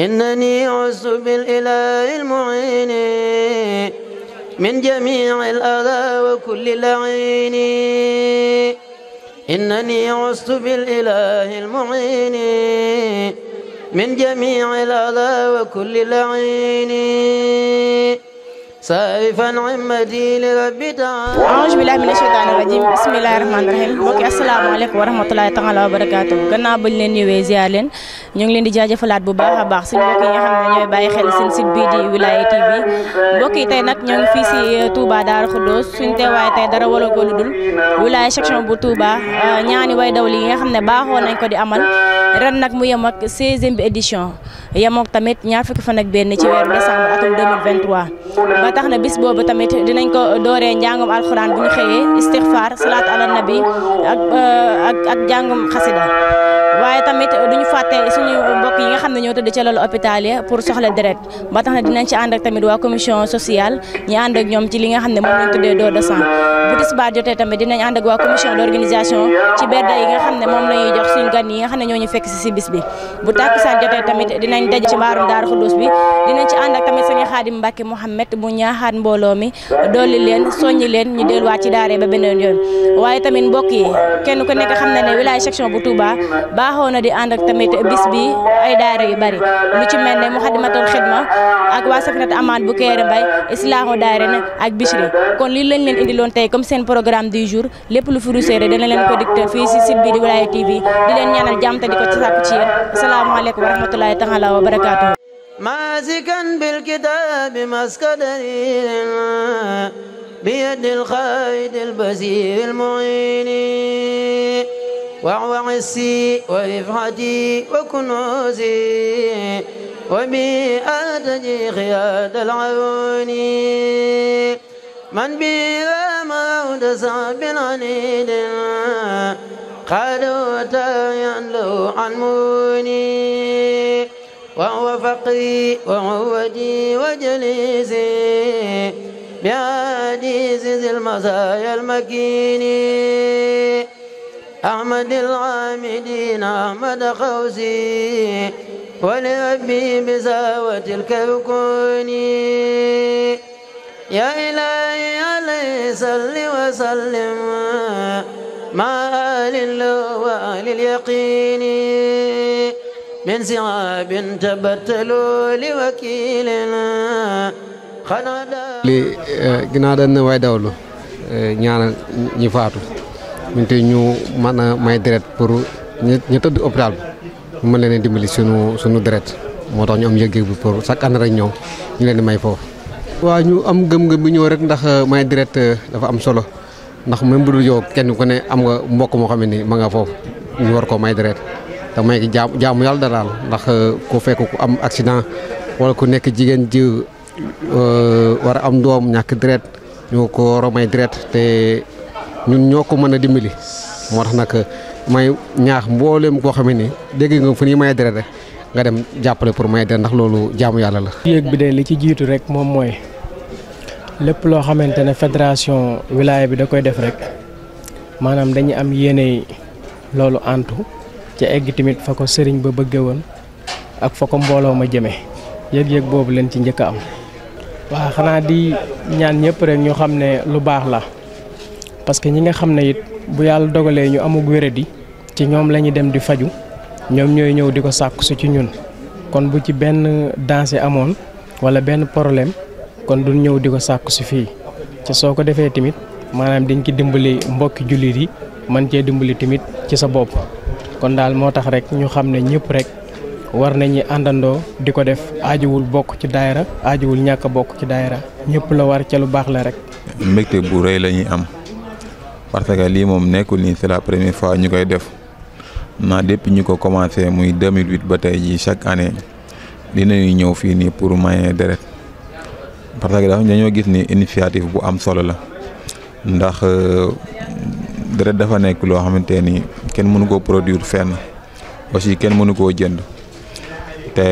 إنني عزت بالإله المعين من جميع الأذى وكل العين إنني عزت بالإله المعين من جميع الأذى وكل العين saifan imadi li rabbi ta'ala aouzu billahi mina sheytaani rajim bismillahi rahmaani rahim mbokki asalaamaaleykum wa rahmatulahi taala wa barakaatu gannaaw bañ leen ñëwee ziar leen ñu ngi leen di jaajëfalaat bu baax a baax suñu mbokk yi xam ne ñooy bàyyi xel seen site bii di Wilaya TV mbokk yi tey nag ñoo ngi fii si euh, Touba Darou suñ teewaay tey dara wala ko lu dul wilaya section bu Touba euh, ñaani way daw li nga xam ne baaxoo nañ ko di amal ren nag mu yem ak 16 bi édition yemook tamit ñaa fukki fan ak benn ci weeru décembre atum ba tax na bis boobu tamit dinañ ko dooree njàngum alxuraan bu ñu xëyee istixfaar salaat ala nabi ak euh, ak xasida waaye tamit duñu fàtte suñu mbokk yi nga xam ne ñoo tëdd ca loolu pour soxla deret ba tax na dinañ ci ànd ak tamit waa commission sociale ñi ñoom ci li nga xam ne moom lañ tuddee don de sang bu tisbaar jotee tamit dinañ ànd ak waa commission d'organisation ci berde yi nga xam ne moom la jox suñu gan yi nga xam ne ñoo ñu fekk si si bis bi bu tàkkusaan jotee tamit dinañ daj ci mbaarum Daaru Xuddus bi dinañ ci ànd ak tamit sëñ Xaadim Mbàkke Muhammad tamit mu ñaaxaat mbooloo mi dolli leen soññi leen ñu delluwaat ci daara ba beneen yoon waaye tamit mbokk yi kenn ku nekk xam na ne wilaya section bu Touba baaxoo na di ànd ak tamit bis bi ay daara yu bari lu ci mel ne Muxaddamatul Xidma ak waa Safinat Amaan bu Kéré Mbay Islaahu Daarayni ak Bichri kon lii lañ leen indi tey comme seen programme du jour lépp lu fi dana leen ko fii si site bi di Wilaya TV di leen ñaanal jàmm te di ko ci sàkku ci yéen asalaamaaleykum wa rahmatulahi taala ماسكا بالكتاب مسك دليل بيد الخالد البصير المعين وهو عسي ورفعتي وكنوزي وبي أرتجي خياد العيون من بي موت صعب عنيد قالوا تايا له عن موني وهو فقري وعودي وجليسي بعديس ذي المزايا المكين أحمد العامدين أحمد خوسي ولأبي بزاوة الكوكون يا إلهي عليه صل وسلم مع آل الله وآل اليقين من سعاب تبتلوا لوكيلنا خندا li eh, ginnaaw dañ ne way dawlu eh, ñaanal ñi faatu ñun te ñu mën a may deret pour ñu tëdd hôpital bi mën leen dimbali sunu sunu deret moo tax ñu am yëg-yëg bi pour chaque année rek ñëw ñu leen di may foofu. waa ñu am gëm-gëm bi ñëw rek ndax eh, may deret dafa am solo ndax même bu dul yow kenn ku ne am nga mbokk moo xam ni nii ma nga foofu ñu war koo may deret. damay jaamu jaamu yàlla daal ndax euh, ku fekk ku am accident wala ku nekk jigéen ji euh, war a am doom ñàkk deret ñoo ko war a romay deret te ñun ñoo ko mën a dimbili moo tax nag may ñaax mbooleem koo xam ni dégg nga fu ñuy maye deret rek nga dem jàppale pour maye deret ndax loolu jaamu yàlla la. yéeg bi de li ci jiitu rek moom mooy lépp loo xamante ne fédération wilaya bi da koy def rek maanaam dañuy am yéene loolu antu. ca egg tamit fa ko sëriñ ba bëgge woon ak fa ko mbooloo ma jëme yëg-yëg boobu leen ci njëkk am waa xanaa di ñaan ñëpp rek ñu xam ne lu baax la parce que ñi nga xam ne it bu yàlla dogalee ñu amug wéradi ci ñoom la ñuy dem di faju ñoom ñooy ñëw di ko sàkku su ci ñun kon bu ci benn dansé amoon wala benn problème kon du ñëw di ko sàkku su fii ci soo ko defee tamit maanaam dañ ci dimbali mbokki jullit yi man cee dimbali tamit ci sa bopp kon daal moo tax rek ñu xam ne ñëpp rek war nañu àndandoo di ko def aajuwul bokk ci daayira aajuwul ñàkk bokk ci daayira ñëpp la war ca lu baax la rek. mbégte bu rey la ñuy am parce que lii moom nekkul ni c'est la première fois ñu koy def naa dépp ñu ko commencé muy 2008 ba tey jii chaque année dinañu ñëw fii nii pour maye deret parce que dañoo gis ni initiative bu am solo la ndax euh, deret dafa nekk loo xamante ni. kenn mënu koo produire fenn aussi kenn mënu koo jënd te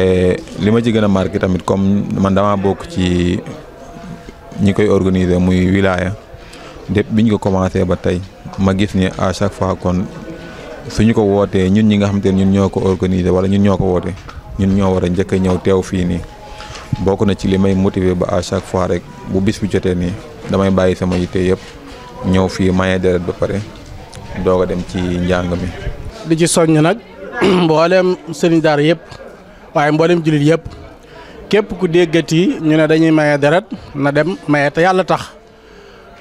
li ma ci gën a marqué tamit comme man damaa bokk ci ñi koy organiser muy wilaya depuis bi ñu ko commencé ba tey ma gis ni à chaque fois kon suñu ko wootee ñun ñi nga xamante ne ñun ñoo ko organiser wala ñun ñoo ko wootee ñun ñoo war a njëkk a ñëw teew fii nii bokk na ci li may motiver ba à chaque fois rek bu bis bu jotee nii damay bàyyi sama yitte yëpp ñëw fii maye deret ba pare doog a dem ci njàng mi. di ci soññ nag mboolem sëriñ daara yëpp waaye mboolem jullit yëpp képp ku déggati ñu ne dañuy maye deret na dem maye te yàlla tax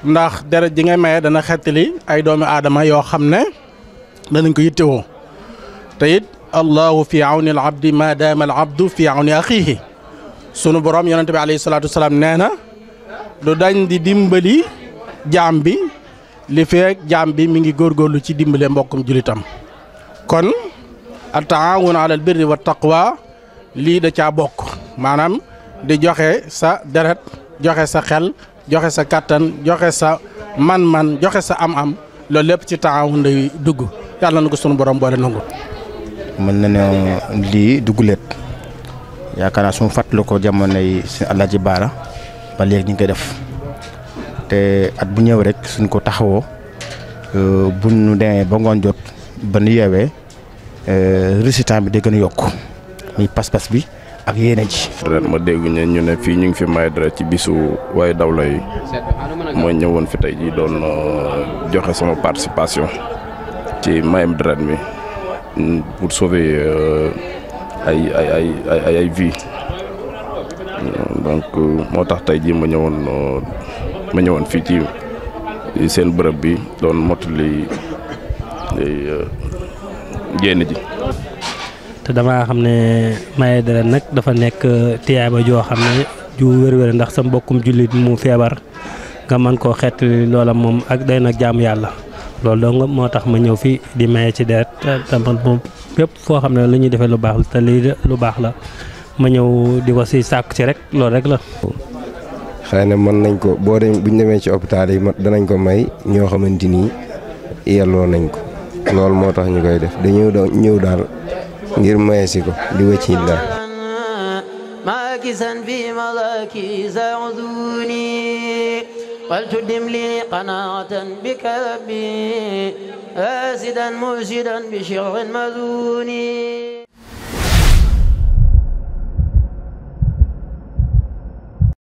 ndax deret ji ngay maye dana xettali ay doomi aadama yoo xam ne danañ ko yittewoo te it allahu fi awni al abdi ma daama al abdu fi awni axiihi sunu borom yonente bi alayhi salaatu nee na du dañ di dimbali jaam bi li fee jaam bi mi ngi góor góorgóorlu ci dimbale mbokkum julitam kon at-taawun alal birri wa taqwa lii da caa bokk maanaam di joxe sa deret joxe sa xel joxe sa kàttan joxe sa man-man joxe sa am-am loolu lépp ci taawun lay dugg yàlla na ko sunu borom boole nangu. mën na ne lii dugguleet yaakaar naa su ma fàttali ko jamonoy si Alaaji Baara ba léegi ñu ngi koy def. te at bu ñëw rek suñ ko taxawoo euh, bu ñu demee ba ngoon jot ba nu yeewee euh, résultat bi day gën yokk muy pas-pas bi ak yéene ji. ren ma dégg ñu ñu ne fii ñu ngi fi may dara ci bisu waaye dawla yi mooy ñëwoon fi tey jii doon euh, joxe sama participation ci mayam dara mi mm, pour sauver ay ay ay ay ay vie mm, donc moo tax tey jii ma ñëwoon. ma ñëwoon fii ci seen bërëb bi doon mottali euh, génn ji. te damaa xam ne maye dara nag dafa nekk euh, tiyaaba joo xam ne ju wér-wér ndax sa mbokkum jullit mu feebar nga mën koo xeet loola moom ak day nag jaamu yàlla loolu doo moo tax ma ñëw fi di maye ci deret tamit moom bépp foo xam ne lu ñuy defee lu baax la te lii lu baax la ma ñëw di ko si sàkk ci rek loolu rek la. xëy na mën nañ ko boo dem buñ demee ci hôpital yi danañ ko may ñoo xamante ni yelloo nañ ko loolu moo tax ñu koy def dañu doon ñëw daal ngir maye si ko di wëcc it daal. ولتدم لي قناعة بك ربي آسدا مرشدا بشر مذوني